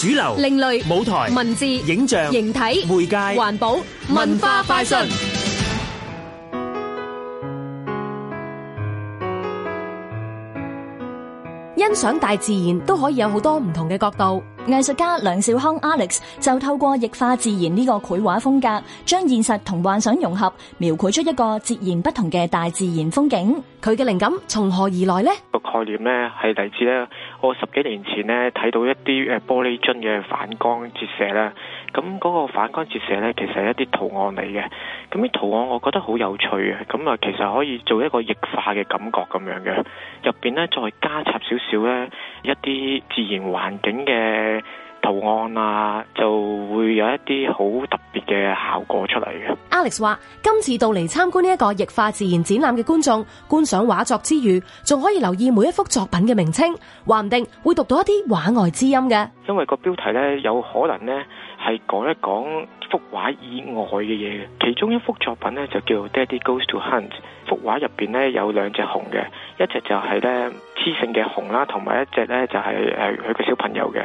主流、另類舞台、文字、影像、形體、媒介、環保、文化、快訊。欣賞大自然都可以有好多唔同嘅角度。藝術家梁少康 Alex 就透過液化自然呢個繪畫風格，將現實同幻想融合，描繪出一個截然不同嘅大自然風景。佢嘅靈感從何而來呢？個概念呢係嚟自咧。我十幾年前呢睇到一啲誒玻璃樽嘅反光折射啦，咁嗰個反光折射呢，其實係一啲圖案嚟嘅，咁啲圖案我覺得好有趣啊。咁啊其實可以做一個液化嘅感覺咁樣嘅，入邊呢，再加插少少呢一啲自然環境嘅圖案啊就啲好特別嘅效果出嚟嘅。Alex 話：今次到嚟參觀呢一個液化自然展覽嘅觀眾，觀賞畫作之餘，仲可以留意每一幅作品嘅名稱，話唔定會讀到一啲畫外之音嘅。因為個標題呢有可能呢係講一講幅畫以外嘅嘢。其中一幅作品呢就叫 Daddy Goes to Hunt。幅畫入邊呢有兩隻熊嘅，一隻就係呢雌性嘅熊啦，同埋一隻呢就係誒佢個小朋友嘅。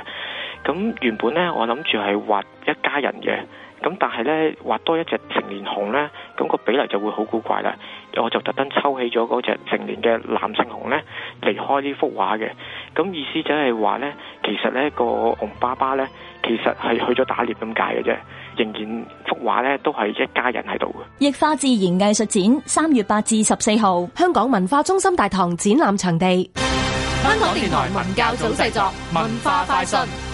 咁原本咧，我諗住係畫一家人嘅，咁但係咧畫多一隻成年熊咧，咁個比例就會好古怪啦。我就特登抽起咗嗰隻成年嘅男性熊咧，離開呢幅畫嘅，咁意思就係話咧，其實咧個熊爸爸咧，其實係去咗打獵咁解嘅啫，仍然幅畫咧都係一家人喺度嘅。《液化自然藝術展》三月八至十四號，香港文化中心大堂展覽場地。香港電台文教組製作，文化快訊。